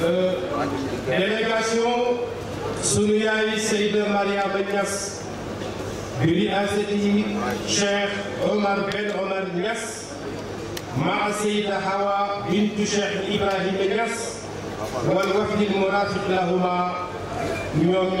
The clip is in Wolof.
Euh, délégation sunu yaay Seyda Mariama Niass biri aseti Cheikh Omar Ben Omar Niass مع السيدة حواء بنت شيخ إبراهيم نياس والوفد المرافق لهما يوم